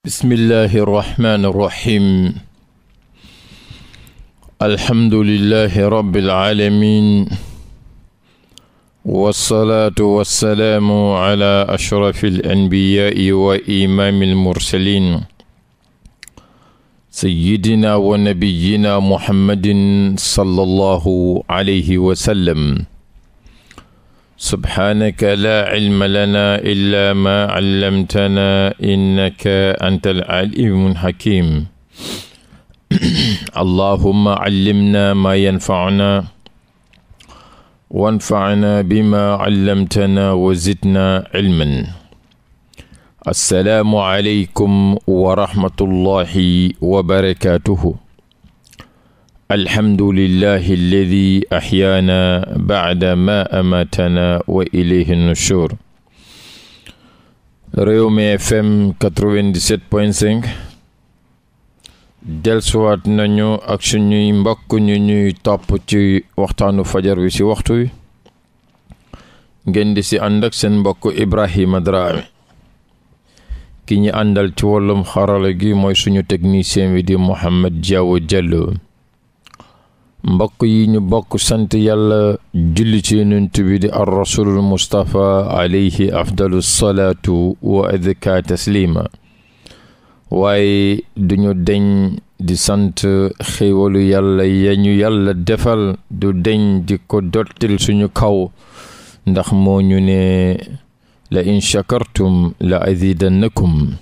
bismillahi irrahmani irrahim alhamdulilahi rabiilalamin walsalaatu walsalaamu ala ashrafi alanbiyaai wa imaami almursalin sayidina wa nabiyina muhammadin sallallahu alayhi wa sallam subhaanaka laa cilma lanaa illaa maa callamtanaa innaka anta al-caliimul xakiim allahumma callimnaa maa yanfacunaa wanfacnaa bimaa callamtanaa wa zidnaa cilman assalaamu aleykum wa rahmatullaahi wa barakaatuhu alhamdulillahi alladi axyaana bacda ma amatana wa ilayhi nushur Rewmi FM 97.5 delsuwaat nañu ak suñuy mbokk ñu ñuy topp ci waxtaanu fajar wi ci waxtu wi ngeen di ci ànd seen mbokk Ibrahima Drame ki ñu àndal ci wàllum xarala gi mooy suñu technicien wi di Mouhamed Diaw Diallo mbokk yi ñu bokk sant yàlla julli ci yonent bi di ar rasulul mustapha alayhi afdalu salaatu wa adka taslima waaye duñu deñ di sant xéewalu yàlla ya ñu yàlla defal du deñ di ko dottil suñu kaw ndax moo ñu ne la in shakartum la azidannakum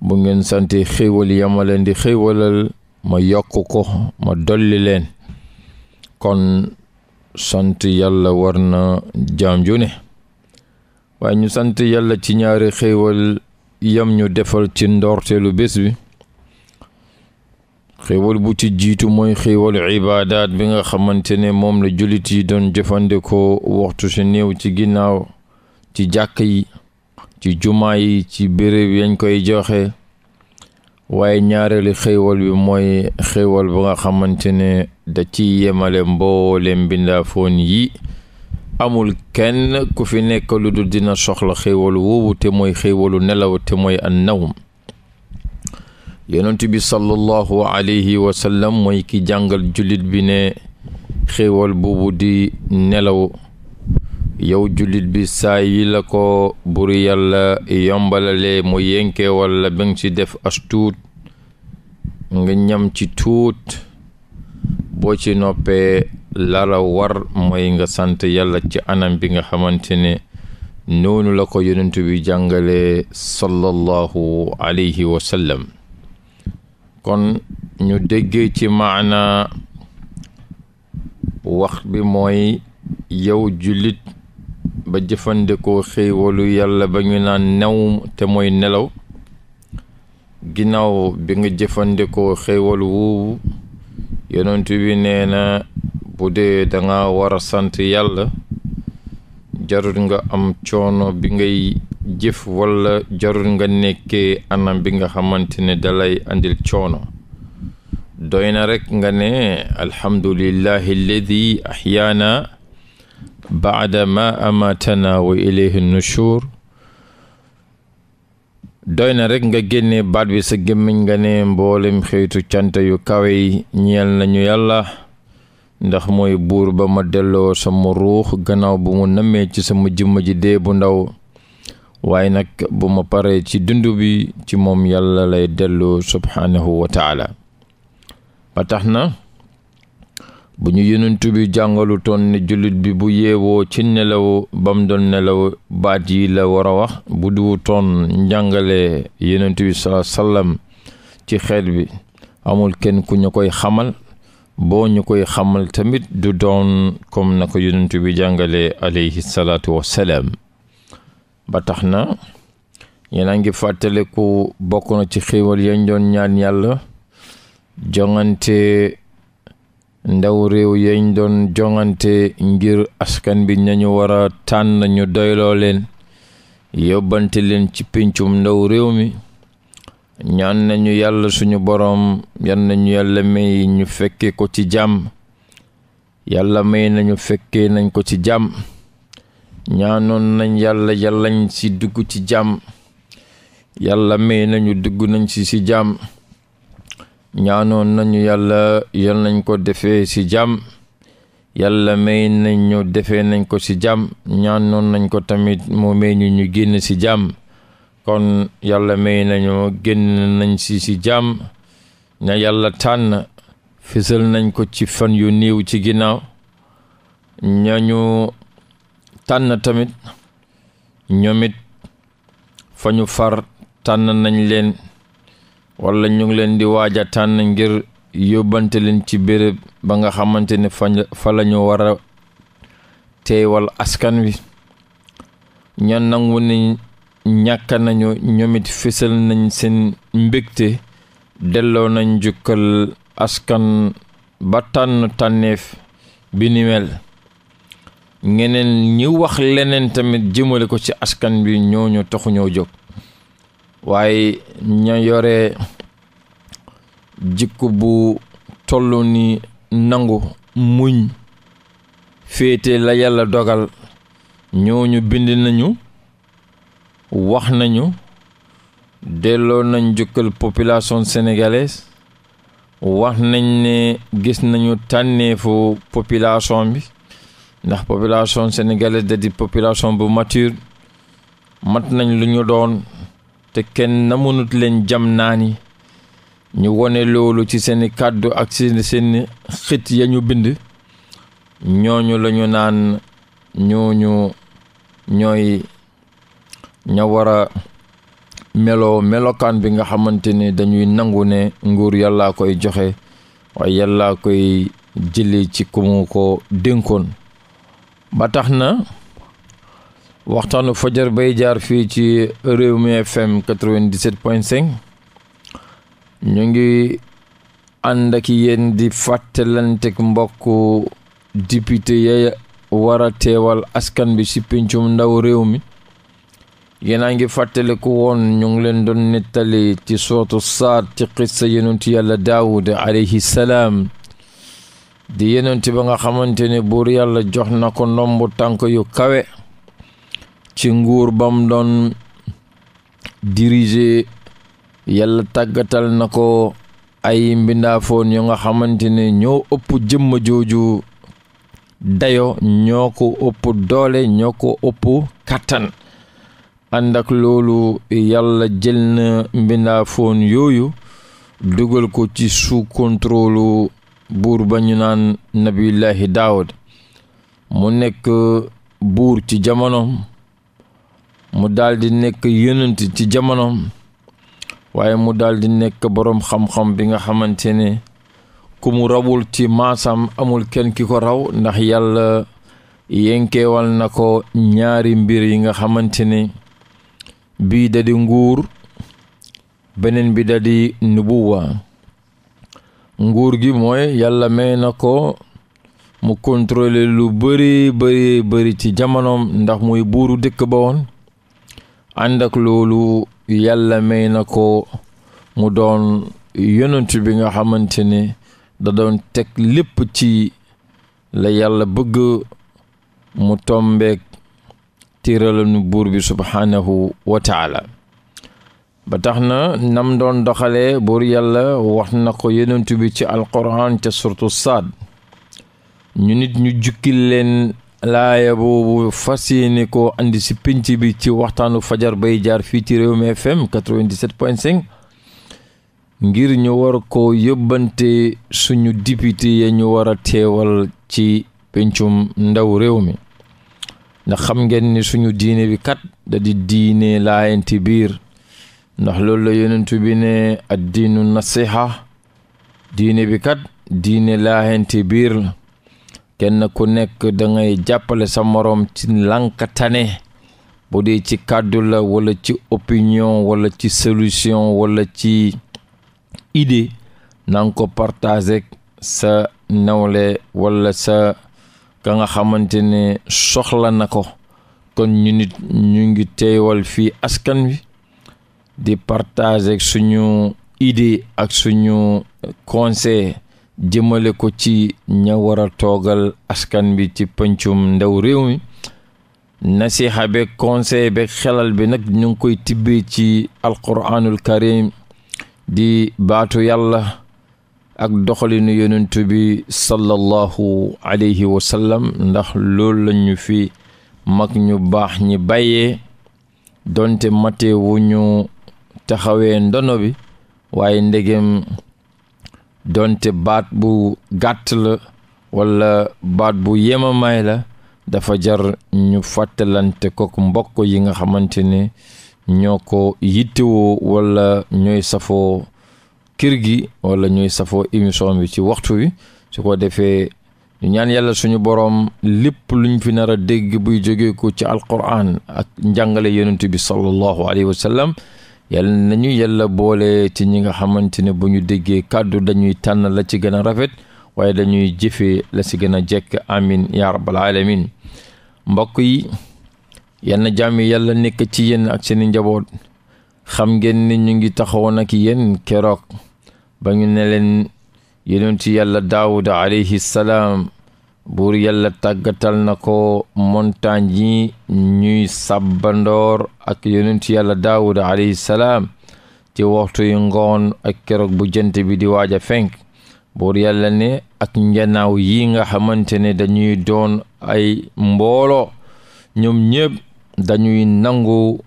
bu ngeen sante xéewal yama leen di xéewalal ma yokk ko ma dolli leen kon sant yàlla war na jaam ju ne waaye ñu sant yàlla ci ñaari xéewal yam ñu defal ci ndoorteelu bés bi xéewal bu ci jiitu mooy xéewal ibaadaat bi nga xamante ne moom la jullit yi doon jëfandikoo waxtu si néew ci ginnaaw ci jàkk yi ci jumaa yi ci béréb yañ koy joxe waaye ñaareelu xéewal bi mooy xéewal bu nga xamante ne da ci yemale mboole mbindaafoon yi amul kenn ku fi nekk lu dina soxla xéewal woowu te mooy xéewalu nelaw te mooy an nawm yonent bi sallallahu alayhi wa mooy ki jàngal jullit bi ne xéewal boobu di nelaw yow jullit bi saayi la ko buri yàlla yombalalee mu yénke walla ba ci def as nga ñam ci tuut boo ci noppee lala war mooy nga sant yàlla ci anam bi nga xamante ne noonu la ko yonent bi jàngale sallallahu alayhi wa kon ñu déggee ci maana wax bi mooy yow jullit ba jëfandikoo xéewalu yàlla ba ñu naan new te mooy nelaw ginnaaw bi nga jëfandikoo xéewal woowu yonent nee na bu dee danga war a sant yàlla jarul nga am coono bi ngay jëf walla jarul nga nekkee anam bi nga xamante ne dalay andil coono doy na rekk nga ne alhamdulillahi alladi ahyaana baada ma amatana wa ilayhi nushur doy na rekk nga génne baat bi sa gémmiñ nga ne mboolem xeetu cant yu kawe yi ñeel nañu yàlla ndax mooy buur ba ma delloo sama ruux gannaaw bu mu nammee ci sama jëmm dee bu ndaw waaye nag bu ma paree ci dund bi ci moom yàlla lay delloo subhaanahu wa tax na bu ñu yonent bi jàngalu toon ne jullit bi bu yeewoo ci nelaw bam doon nelaw baat yi la war a wax bu duwu toon njàngale yonent bi salaa ci xeet bi amul kenn ku ñu koy xamal boo ñu koy xamal tamit du doon comme na ko yonent bi jàngale aleyhi salaatu wassalaam ba tax na yéen a ngi fàttaliku bokk na ci xéewal yañ doon ñaan yàlla jongante ndaw réew yañ doon joŋante ngir askan bi ñañu wara a tànn ñu doyloo leen yóbbante leen ci péncum ndaw réew mi ñaan nañu yàlla suñu boroom yan nañu yàlla may ñu fekke ko ci jàmm yàlla may nañu fekke nañ ko ci jàmm ñaanoon nañ yàlla yàllañ ci dugg ci jàmm yàlla may nañu dugg nañ ci ci jàmm ñaanoon nañu yàlla yoon nañ ko defee ci jàmm yàlla may nañ defee nañ ko ci jàmm ñaanoon nañ ko tamit moo may ñu ñu génn ci jàmm kon yàlla may nañu génn nañ ci ci jàmm na yàlla tànn fisal nañ ko ci fan yu niiw ci ginnaaw ñañu tànn tamit ñoomit it fa ñu far tànn nañ leen wala ñu leen di waaj a tànn ngir yóbbante leen ci béréb ba nga xamante ne fa la ñu war a teewal askan wi ña nangu ni ñàkk nañu ñoomit fésal nañ seen mbégte delloo nañ jukkal askan ba tànn tànneef bi ni mel ñeneen ñi wax leneen tamit jëmale ko ci askan wi ñooñu taxuñoo jóg waaye ña yore jikko bu toll ni nangu muñ féete la yàlla dogal ñooñu bind nañu wax nañu delloo nañ jukkal population sénégalaise wax nañ ne gis nañu tànneefu population bi ndax population sénégalaise da di population bu mature mat nañ lu ñu doon te kenn namunut leen jam naani ñu wone loolu ci seeni kàddu ak seen seeni xit ya ñu bind ñooñu lañu naan ñooñu ñooy ña wara meloo melokaan bi nga xamante ni dañuy nangu ne nguur yàllaa koy joxe waaye yàllaa koy jële ci ku ko dénkoon ba tax na waxtaanu fajar bay jaar fii ci réew Rewmi FM 97.5 ñu ngi ànd ak yéen di fàttalanteeg mbokk député ya war a teewal askan bi ci pencum ndaw réew mi yéen a ngi fàttaliku woon ñu ngi leen doon nettali ci sootu saad ci xissa yonent yàlla daawud alayhi salaam di yonent ba nga xamante ne buur yàlla jox na ko ndomb tànk yu kawe ci nguur bam doon diriger yàlla tàggatal na ko ay mbindaafoon yu nga xamante ne ñoo ëpp jëmm jooju dayo ñoo ko ëpp doole ñoo ko ëpp kàttan ànd loolu yàlla jël na mbindaafoon yooyu dugal ko ci sous contrôle buur ba ñu naan nabiyullahi daawud mu nekk buur ci jamonoom mu daldi nekk yonent ci jamonoom waaye mu daldi nekk boroom xam-xam bi nga xamante ne ku mu rawul ci maasam amul kenn ki ko raw ndax yàlla yenkeewal na ko ñaari mbir yi nga xamante ne bii da di nguur beneen bi da di nubuwa nguur gi mooy yàlla may na ko mu contrôler lu bari bari bari ci jamonoom ndax muy buuru dëkk ba woon ànd ak loolu yàlla may na ko mu doon yonent bi nga xamante ne da doon teg lépp ci la yàlla bëgg mu tombeek tiiralanu buur bi subhaanahu wa ba tax na nam doon doxale buur yàlla wax na ko yonent bi ci alquran ca surtu saad ñu nit ñu jukkil leen laaya boobu fas yéene ko andi si pénc bi ci waxtaanu fajar bay jaar fii ci Rewmi FM 97.5 ngir ñu war ko yóbbante suñu député ya ñu war a teewal ci péncum ndaw réew mi ndax xam ngeen ni suñu diine bi kat da di diine laayante biir ndax loolu la yonentu bi ne ad diinu nasiha diine bi kat diine laayante biir la kenn ku nekk da ngay jàppale sa moroom ci lànkatane bu dee ci kàddu la walla ci opinion walla ci solution walla ci idée na nga ko partager sa nawle walla sa ka nga xamante ne soxla na ko kon ñu nit ñu ngi teewal fii askan wi di partager suñu idée ak suñu conseil jëmale ko ci ña war toogal askan bi ci pëncum ndew réew mi nasiha beeg conseil beeg xelal bi nag ñu koy tibbee ci alquraanul karim di baatu yàlla ak doxalinu yonent bi sallallahu alayhi wa ndax loolu la ñu fi mag ñu baax ñi bàyyee doonte mate ñu taxawee ndono bi waaye ndegem doonte baat bu gàtt la wala baat bu yemamaay la dafa jar ñu fàttalante kook mbokk yi nga xamante ne ñoo ko yittewoo wala ñooy safoo kir gi walla ñooy safoo émission bi ci waxtu wi su ko defee ñu ñaan yàlla suñu boroom lépp lu ñu fi nar a dégg buy jógee ko ci alquran ak njàngale yonent bi sallallahu alayhi wa sallam yal nañu yàlla boole ci ñi nga xamante ne bu ñu déggee kàddu dañuy tànn la ci gën a rafet waaye dañuy jëfee la ci gën a jekk amin ya rabbal mbokk yi yenn jàmm yi yàlla nekk ci yenn ak seeni njaboot xam ngeen ni ñu ngi taxawoon ak yéen keroog ba ñu ne leen yonentu yàlla daawuda alayhi salaam buur yàlla tàggatal na ko montagne yi ñuy sàbbandoor ak yonent yàlla daawud alayhi salaam ci waxtu yu ngoon ak keroog bu jant bi di waaj a fenk buur yàlla ne ak njanaaw yi nga xamante ne dañuy doon ay mbooloo ñoom ñëpp dañuy nangu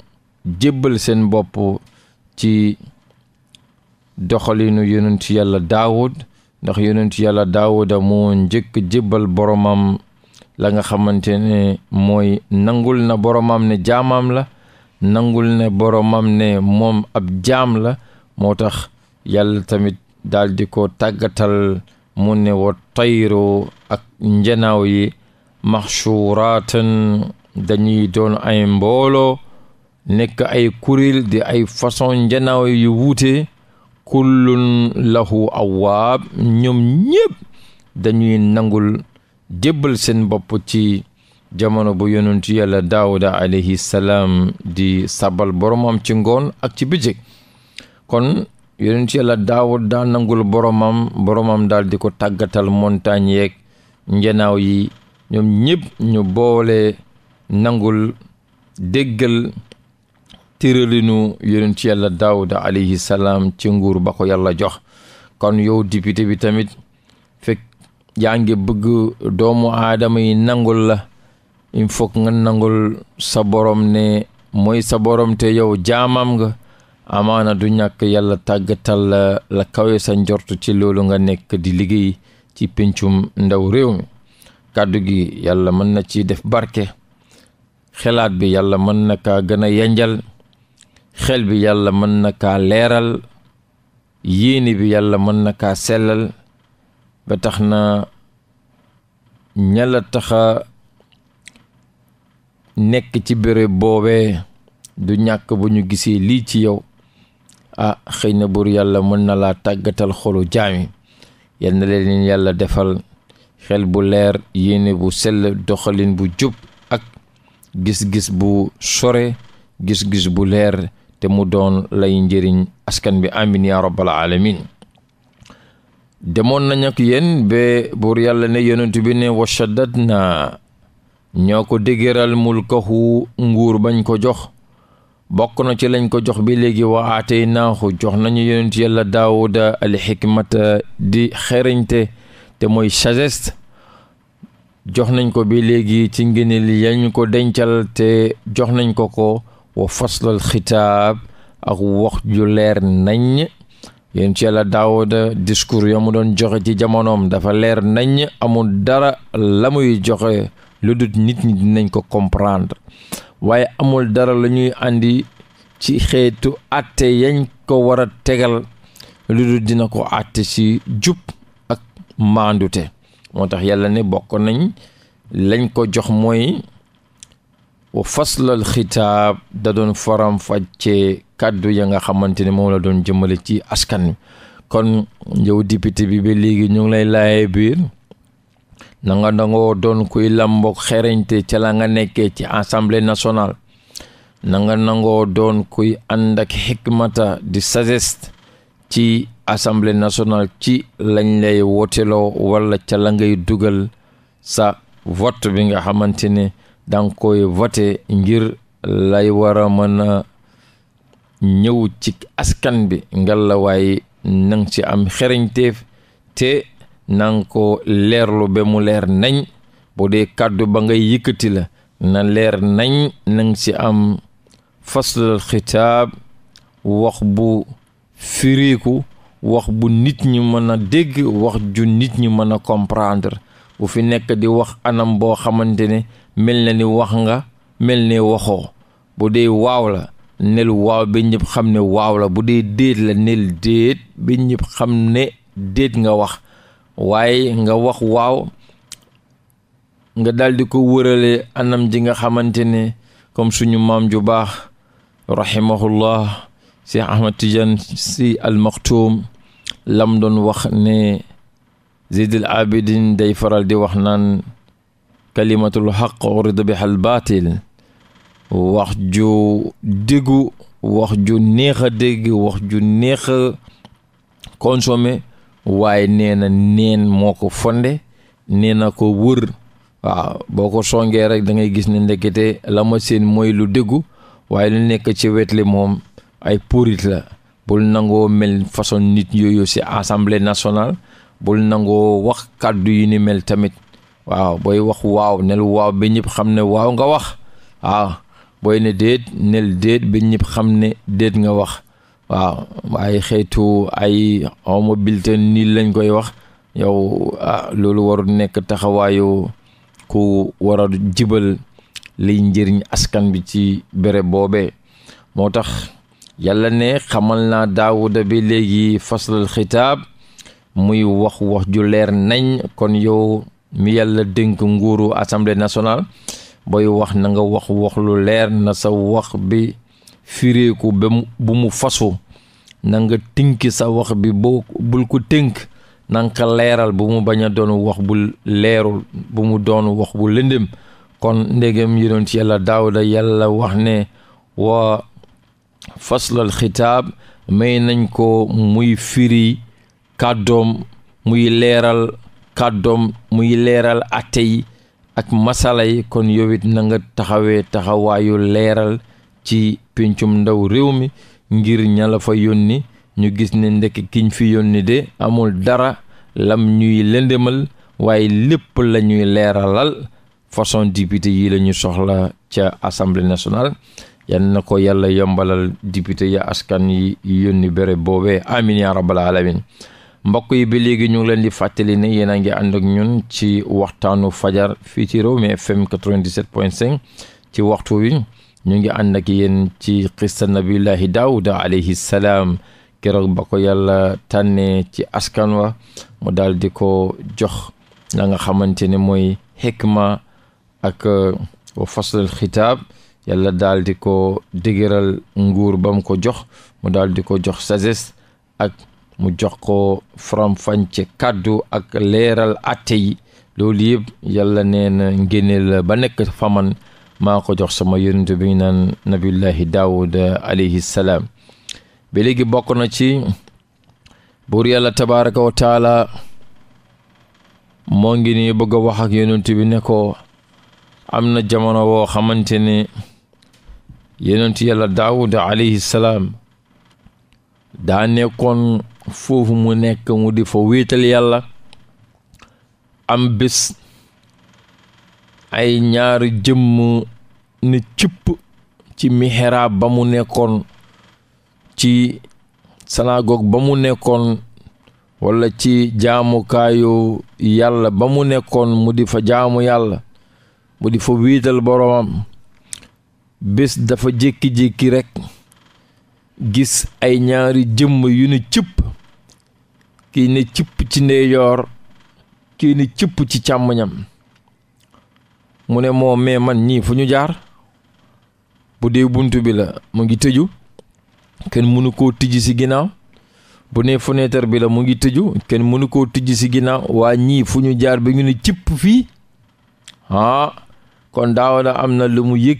jébbal seen bopp ci doxalinu yonent yàlla daawud ndax yonent yàlla daawuda moo njëkk jébbal boromam la nga xamante ne mooy nangul na boromam ne jaamam la nangul na boromam ne moom ab jaam la moo tax yàlla tamit daal di ko tàggatal mu ne wa tayro ak njanaaw yi maxshuraatan dañuy doon ay mbooloo nekk ay kuréel di ay façon njanaaw yu wuute kullun lahu awaab ñoom ñépp dañuy nangul jébbal seen bopp ci jamono bu yonentu yàlla daawuda alayhi salaam di sabal boromam ci ngoon ak ci bëccëg kon yonentu yàlla daawud daa nangul boromam boromam daal di ko tàggatal montagne yeeg njanaaw yi ñoom ñépp ñu boole nangul déggal tëralinu yonent yàlla daawuda alayhi salaam ci nguur ba ko yàlla jox kon yow député bi tamit fekk yaa ngi bëgg doomu aadama yi nangul la il faut nga nangul sa borom ne mooy sa borom te yow jaamam nga amaana du ñàkk yàlla tàggatal la kawe sa njort ci loolu nga nekk di liggéey ci pencum ndaw réew mi kàddu gi yàlla mën na ci def barke xelaat bi yàlla mën na kaa gën a yanjal xel bi yàlla mën na kaa leeral yéene bi yàlla mën na kaa sellal ba tax na ña la taxa nekk ci béréb boobee du ñàkk bu ñu gisee lii ci yow ah xëy na buur yàlla mën na laa tàggatal xolu jaami yenn na leen yàlla defal xel bu leer yéene bu sell doxalin bu jub ak gis-gis bu sore gis-gis bu leer te mu doon lay njëriñ askan bi amin ya rabbal demoon nañ ak yéen ba buur yàlla ne yonent bi ne wa shaddadna ñoo ko mul mulkahu nguur bañ ko jox bokk na ci lañ ko jox bi léegi wa aataynaahu jox nañu yonent yàlla daawuda alxikmata di xerañte te mooy sagesse jox nañ ko bi léegi ci ngëneel yañ ko dencal te jox nañ ko ko wa faslal xitaab ak wax ju leer naññ yéen ci yàlla daawuda discours ya mu doon joxe ci jamonoom dafa leer naññ amul dara la muy joxe lu dut nit ñi dinañ ko comprendre waaye amul dara lañuy ñuy àndi ci xeetu àtte yañ ko war a tegal lu dut dina ko àtte ci jub ak maandute moo tax yàlla ne bokk nañ lañ ko jox mooy wa faslal xitaab da doon faram ce kàddu ya nga xamante ne moom la doon jëmmale ci askan wi kon njëw député bi ba léegi ñu ngi lay laay biir na nga dangoo doon kuy làmboog xereñte ca la nga nekkee ci assemblée nationale na nga nangoo doon kuy ànd ak xikmata di sagesse ci assemblée nationale ci lañ lay wooteloo walla ca la ngay dugal sa vote bi nga xamante ne danga koy voté ngir lay war a mën a ñëw ci askan bi ngal la waaye nang ci am xereñteef te nang ko leerlu ba mu leer nañ bu dee kàddu ba ngay yëkkati la na leer nañ nang ci am faslal xitaab wax bu firiiku wax bu nit ñi mën a dégg wax ju nit ñi mën a comprendre bu fi nekk di wax anam boo xamante ne mel na ni wax nga mel ne waxoo bu dee waaw la nel waaw ba ñëpp xam ne waaw la bu dee déet la nel déet ba ñëpp xam ne déet nga wax waaye nga wax waaw nga daldi ko wërale anam ji nga xamante ne comme suñu maam ju baax rahimahullah si Ahmad Tidiane si al lam doon wax ne Zeydul Abidin day faral di wax naan kalimatul xaq urida bihal baatil wax ju déggu wax ju neex a dégg wax ju neex a consommé waaye nee na neen moo ko fonde nee na ko wër waaw boo ko songee rek dangay gis ne ndekete la ma seen mooy lu déggu waaye lu nekk ci wetli moom ay purit la bul nangoo mel façon nit yooyu ci assemblée nationale bul nangoo wax kàddu yi ni mel tamit waaw booy wax waaw nel waaw bi ñëpp xam ne waaw nga wax waaw booy ne déet nel déet ba ñëpp xam ne déet nga wax waaw ay xeetu ay xawma bulletin nii lañ koy wax yow ah, loolu warul nekk taxawaayu ku war jibal liy njëriñ askan bi ci bere boobee moo tax yàlla ne xamal naa daawuda bi léegi faslal xitaab muy wax wax ju leer nañ kon yow mi yàlla dénk nguuru assemblée nationale booy wax nanga wax wax lu leer na sa wax bi fireeku ba bu mu fasu na nga tënk sa wax bi boo bul ko tënk na leeral bu mu bañ a doon wax bu leerul bu mu doon wax bu lëndëm kon ndegem yonent yàlla daawuda yàlla wax ne waa faslal xitaab may nañ ko muy firi kàddoom muy leeral kàddoom muy leeral atte yi ak masalay kon yowit it na nga taxawee taxawaayu leeral ci pencum ndaw réew mi ngir ñala fa yónni ñu gis ne ndekk kiñ fi yónni de amul dara lam ñuy lëndëmal waaye lépp la ñuy leeralal façon député yi la soxla ca assemblée nationale yan na ko yàlla yombalal député ya askan yi yónni bere boobee amin ya alamin mbokk yi bi léegi ñu ngi leen di fàttali ne yéen a ngi ànd ak ñun ci waxtaanu fajar fii ci Rewmi FM 97.5 ci waxtu wi ñu ngi ànd ak yéen ci xista nabillahi daawuda alayhi salaam keroog ba ko yàlla tànnee ci askan wa mu daal di ko jox la nga xamante ne mooy xikma ak wa xitaab yàlla daal di ko dëgëral nguur ba mu ko jox mu daal di ko jox sagesse ak mu jox ko faram-fàcce kàddu ak leeral atte yi loolu yëpp yàlla nee na ngénneel ba nekk faman maa ko jox sama yonent bi naan nabiyullahi daawuda alayhi salaam ba léegi bokk na ci buur yàlla tabaraka wa moo ngi nii bëgg a wax ak bi ne ko am na jamono woo xamante ne yonent yàlla daawuda alayhi salaam daa nekkoon foofu mu nekk mu di fa wéetal yàlla am bés ay ñaari jëmm ne cipp ci mihraab ba mu nekkoon ci sanagoog ba mu nekkoon walla ci jaamukaayu yàlla ba mu nekkoon mu di fa jaamu yàlla mu di fa wiital boroomam bés dafa jékki-jékki rekk gis ay ñaari jëmm yu ne cëpp kii ne cipp ci ndeyjoor kii ne cipp ci càmmoñam mu ne moo mais man ñii fu ñu jaar bu dee bunt bi la mu ngi tëju kenn mënu koo tijji ci ginaaw bu ne fenêtre bi la mu ngi tëju kenn mënu koo tijji ci ginnaaw waa ñii fu ñu jaar ba ñu ne cipp fii ah kon daawada am na lu mu yëg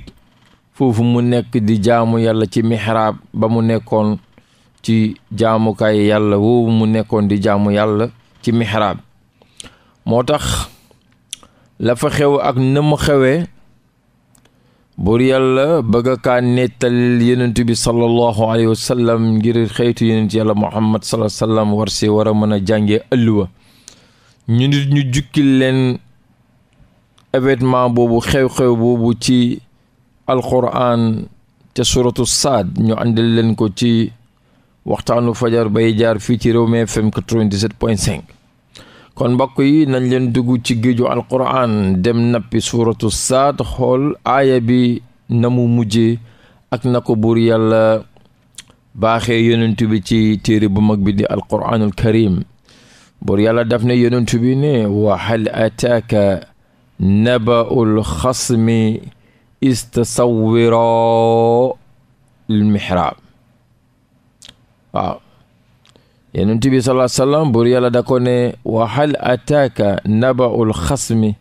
foofu mu nekk di jaamu yàlla ci mihraab ba mu nekkoon ci jaamukaay yàlla woowu mu nekkoon di jaamu yàlla ci mihraab moo tax la fa xew ak na mu xewee buur yàlla bëgg kaa nettal yenent bi sallallahu alayhi wa ngir xëytu yenent yàlla muhammad sallallahu alayhi wa sallam war si war a mën a jàngee ëlluwa ñu nit ñu jukkil leen événement boobu xew-xew boobu ci alquran ca suratu saad ñu àndil leen ko ci waxtaanu fajar bay jaar fii ci Rewmi FM 97.5 kon mbokk yi nañ leen dugg ci géeju alquran dem nappi suuratu saad xool aaya bi na mu mujje ak na ko buur yàlla baaxe yonent bi ci téere bu mag bi di alquranul karim buur yàlla daf ne yonent bi ne wa hal ataaka nabaul xasmi istasawwiroo l mihraab waaw yenent bi sallallahu alayhi wa sallam buur yàlla da ko ne wa hal ataaka xasmi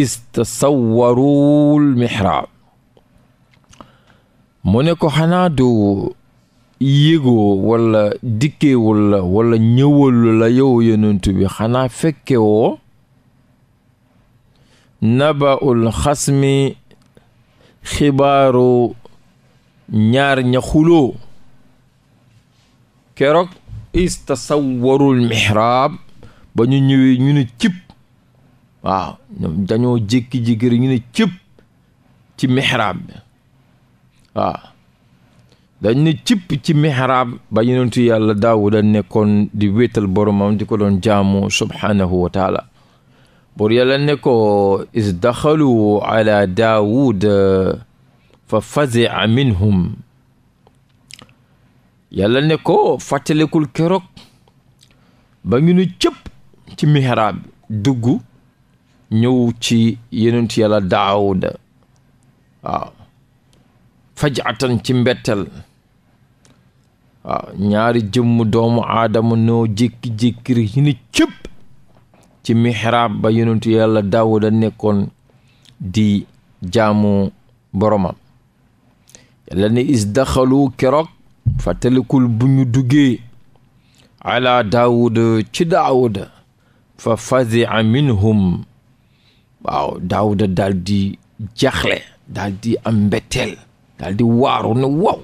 is tasawwarul mihraab mu ne ko xanaa du yégoo wala dikkeewul la wala ñëwalu la yow yenent bi xanaa fekke woo naba'ul xasmi xibaaru ñaar ña xuloo keroog istasawarul mihraab ba ñu ñëwee ñu ne cib waaw ñoom dañoo jékki-jékki rek ñu ne cib ci mihraab bi waaw dañ ne cib ci mihraab ba yonentu yàlla daawuda nekkoon di wéetal boromam di ko doon jaamu subhaanahu wa taala buur yàlla ne ko is daxalu ala daawud fa fazi'a minhum yàlla ne ko fàttalikul keroog ba ngi nu cëpp ci mihraab dugg ñëw ci yenentu yàlla daawuda waaw fajatan ci mbettel waaw ñaari jëmm doomu aadama noo jékki-jékki rek ñu cëpp ci mihraab ba yenentu yàlla daawuda nekkoon di jaamu boromam yàlla ne is keroog fàttalikul bu ñu duggee ala daawuda ci daawuda fa fazia minhum waaw daawuda daal di jaxle daal am mbetteel daal di waaru na waaw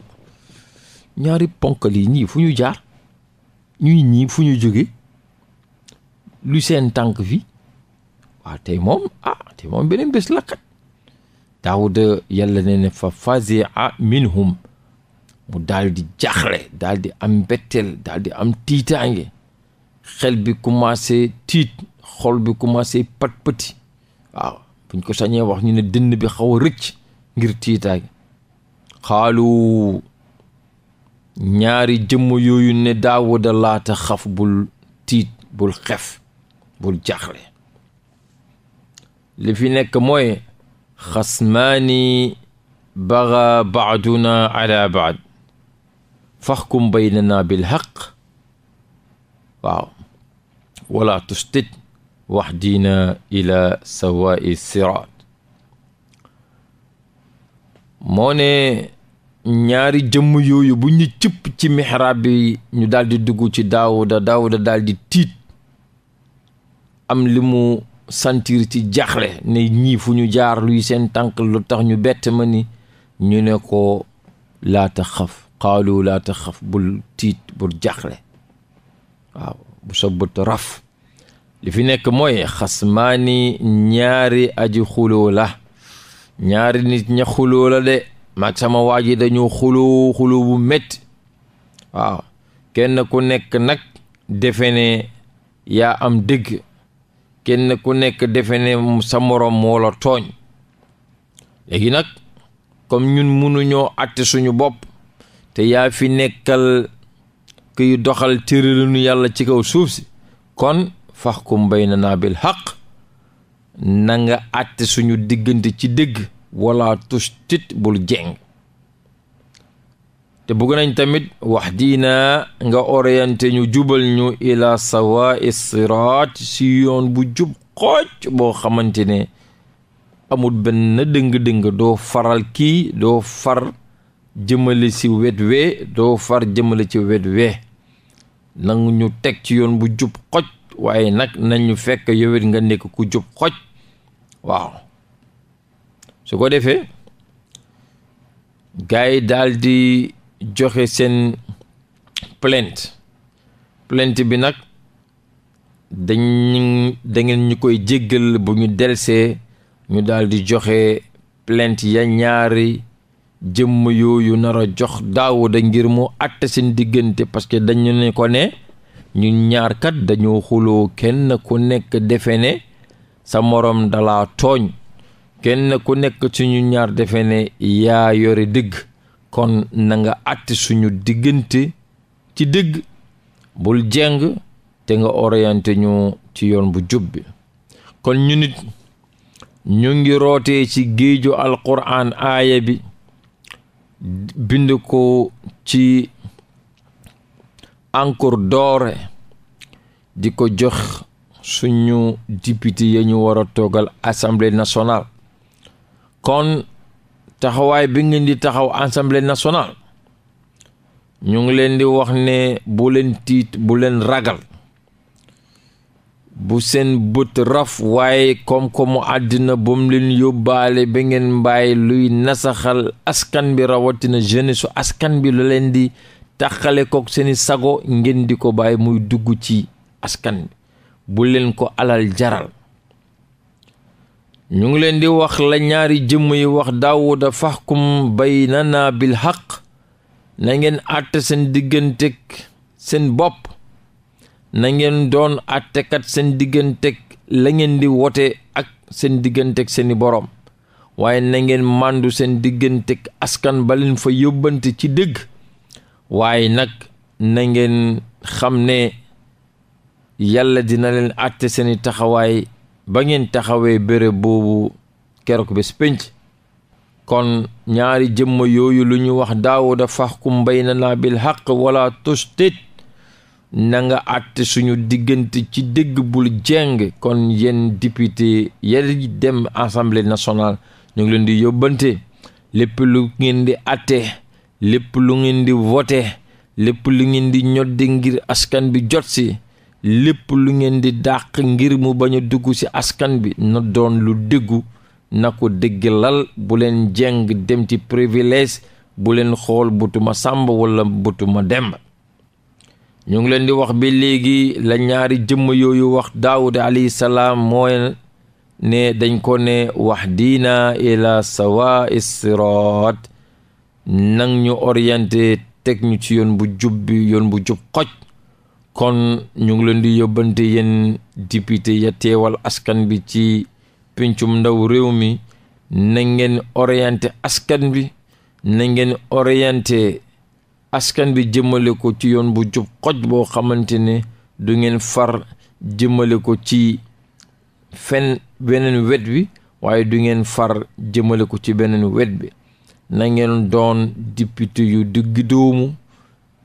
ñaari ponkal yi ñii fu ñu jaar ñuy ñii fu ñu jóge lu seen tànk fi waaw tey moom ah tey moom beneen bés lakkat daawuda yàlla ne ne fa fazia minhum mu daal di jaaxle am mbetteel daldi am tiitaange xel bi commencé tiit xol bi commencé pat pati waaw buñ ko sañee wax ñu ne dënn bi xaw a rëcc ngir tiitaange xaalu ñaari jëmm yooyu ne daawuda laata xaf bul tiit bul xef bul jaaxle li fi nekk mooy xasmaani baga baaduna ala baad faxkum baynana bil xaq waaw wala tustit wax diina ila sawai sirat moo ne ñaari jëmm yooyu bu ñu cëpp ci mixraab bi ñu daldi dugg ci daawuda daawuda daldi tiit am li mu sentir ci jaxle ne ñii ñu jaar luy seen tànk lu tax ñu bett ma ni ñu ne ko laata xaf qaalu laa taxaf bul tiit bul jaxle waaw bu sa raf li fi nekk mooy xasmaani ñaari aji xuloo la ñaari nit ña xuloo la de maag sama waa ji dañu xuloo xuloo bu métti waaw kenn ku nekk nag defe ne yaa am dëgg kenn ku nekk defe ne sa moroom moo la tooñ léegi nag comme ñun mënuñoo àtte suñu bopp te yaa fi nekkal kuy doxal tëralinu yàlla ci kaw suuf si kon faxkum na bil xaq na nga àtte suñu diggante ci dégg wala tustit bul jeng te bëgg nañ tamit wax diina nga orienté ñu jubal ñu ila sawaa siraat si yoon bu jub xooj boo xamante ne amul benn dëng-dëng doo faral kii doo far jëmale si wet wee doo far jëmale ci wet wee nangu ñu teg ci yoon bu jub xoj waaye nag ñu fekk yowet nga nekk ku jub xoj waaw su ko defee gars yi daal joxe seen plainte plainte bi nag dañ ñu koy jéggal bu ñu delsee ñu daldi joxe plainte ya ñaari jëmm yooyu nar a jox daawuda ngir mu àtte seen diggante parce que dañu ne ko ne ñun ñaar kat dañoo xuloo kenn ku nekk defe ne sa morom dalaa tooñ kenn ku nekk suñu ñaar defe ne yaa yore dëgg kon na nga àtte suñu diggante ci dëgg bul jeng te nga orienté ñu ci yoon bu jub bi kon ñu nit ñu ngi rootee ci géeju alquran aaya bi bind ko ci encore doore di ko jox suñu député ya ñu war a toogal assemblée nationale kon taxawaay bi ngeen di taxaw assemblée nasonal ñu ngi leen di wax ne bu leen tiit bu leen ragal bu seen bët raf waaye koom àddina bum leen yóbbaale ba ngeen mbaay luy nasaxal askan bi rawatina jeunesse su askan bi lu leen di taxale kook seeni sago ngeen di ko bàyyi muy dugg ci askan bi bu leen ko alal jaral ñu ngi leen di wax la ñaari jëmm yi wax daawuda faxkum baynana bil xaq na ngeen àtte seen digganteeg seen bopp na ngeen doon àttekat seen digganteeg la ngeen di wote ak seen digganteek seeni boroom waaye na ngeen màndu seen digganteeg askan ba fa yóbbante ci dëgg waaye nag na ngeen xam ne yàlla dina leen àtte seeni taxawaay ba ngeen taxawee bérëb boobu keroog bés pénc kon ñaari jëmm yooyu lu ñu wax daawuda faxkum baynanaa bil xaq wala tustit nanga nga àtte suñu diggante ci dégg bul jeng kon yenn député yari dem assemblée nationale ñu ngi leen di yóbbante lépp lu ngeen di àtte lépp lu ngeen di vote lépp lu ngeen di ñodde ngir askan bi jot si lépp lu ngeen di dàq ngir mu bañu dugg ci askan bi na doon lu déggu na ko lal bu leen jeng dem ci privilège bu leen xool butuma sàmb wala butuma demb ñu ngi leen di wax ba léegi la ñaari jëmm yooyu wax daawud alayhi salaam mooy ne dañ ko ne wax diina ila sawa sirat nang ñu orienté teg ñu ci yoon bu jub yoon bu jub xoj kon ñu ngi leen di yóbbante yéen député ya teewal askan bi ci pincum ndaw réew mi na ngeen orienté askan bi na ngeen orienté askan bi jëmmale ko ci yoon bu jub xoj boo xamante ne du ngeen far jëmale ko ci fen beneen wet bi waaye du ngeen far jëmale ko ci beneen wet bi na ngeen doon député yu digg doomu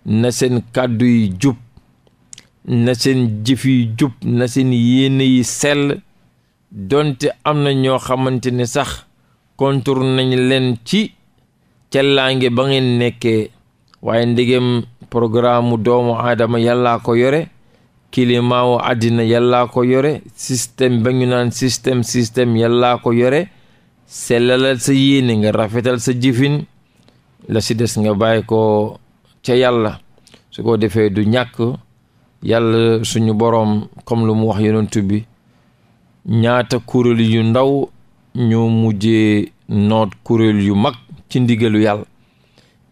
na seen kàddu yi jub na seen jëf yi jub na seen yéene yi sell donte am na ñoo xamante ne sax kontur nañ leen ci cellaange ba ngeen nekkee waaye ndiggam programme mu doomu aadama yàllaa ko yore climat wu àddina yàllaa ko yore système ba ñu naan système système yàllaa ko yore sellalal sa yéene nga rafetal sa jëfin la si des nga bàyyi ko ca yàlla su ko defee du ñàkk yàlla suñu borom comme lu mu wax yonent bi ñaata kuréel yu ndaw ñoo mujjee noot kuréel yu mag ci ndigalu yàlla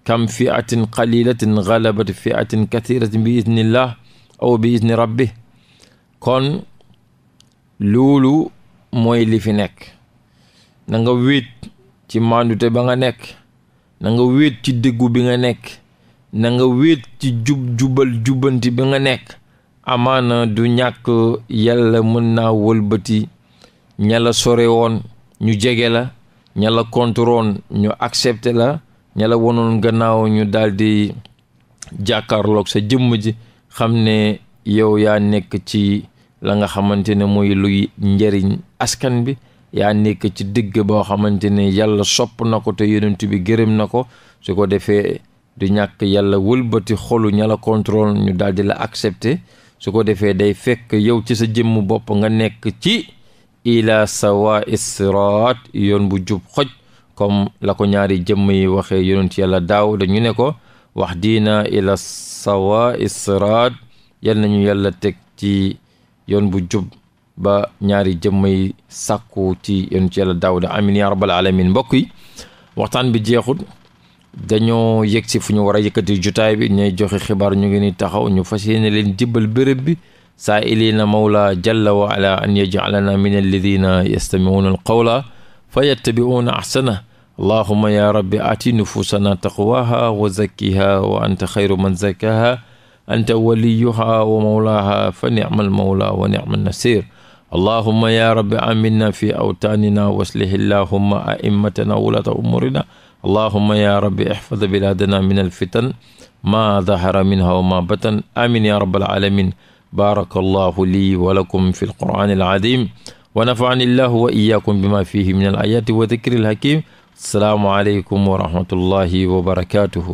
kam fi atin qalilatin galabat fi atin kathiratin bi idnillah aw bi idni rabbi kon loolu mooy li fi nekk nanga nga wéet ci maandute ba nga nekk na nga wéet ci déggu bi nga nekk na nga wéet ci jub-jubal jubbanti bi nga nekk amaana du ñàkk yàlla mën naa wëlbati ña la sore woon ñu jege la ñala la ñu accepté la ñala la wonoon gannaaw ñu daldi jàkkaarloog sa jëmm ji xam ne yow yaa nekk ci la nga xamante ne mooy luy njariñ askan bi yaa nekk ci digg boo xamante ne yàlla sopp na ko te yonent bi gërëm na ko su ko defee du ñàkk yàlla wëlbati xolu ña la contrôle ñu daldi la accepter su ko defee day fekk yow ci sa jëmm bopp nga nekk ci ila sawa israt yoon bu jub xoj comme la ñaari jëmm yi waxee yonent yàlla daaw dañu ne ko wax diina ila sawa israad yal nañu yàlla teg ci yoon bu jub ba ñaari jëmm yi sàkku ci yonent yàlla daaw da amin ya rabbal alamin mbokk yi waxtaan bi jeexut dañoo yëg si fu ñu war a yëkkati jotaay bi ñay joxe xibaar ñu ngi ni taxaw ñu fas yéene leen dibbal bërëb bi saa ilina mawla jalla wa ala an yajalana min alladina yastamiuna alqawla fa yattabi'uuna ahsana allahuma ya rabbi ati nufuusana taqwaha wa zakkiha wa anta xayru man zakkaha anta waliyuha wa mawlaha fa ni'mal mawla wa ni'mal nasir allahuma ya rabbi aminna fi awtaanina wa aslih illahuma a'immatana wulata umurina allahuma ya rabbi ihfad biladana min alfitan ma dahara minha wa ma batan amin ya rabbal alamin barakallahu li wa lakum fi alqur'ani aladim wa nafaani llahu wa iyaakum bima fihi min al ayati wa dikril hakim asalaamu aleykum wa rahmatullahi wa barakatuhu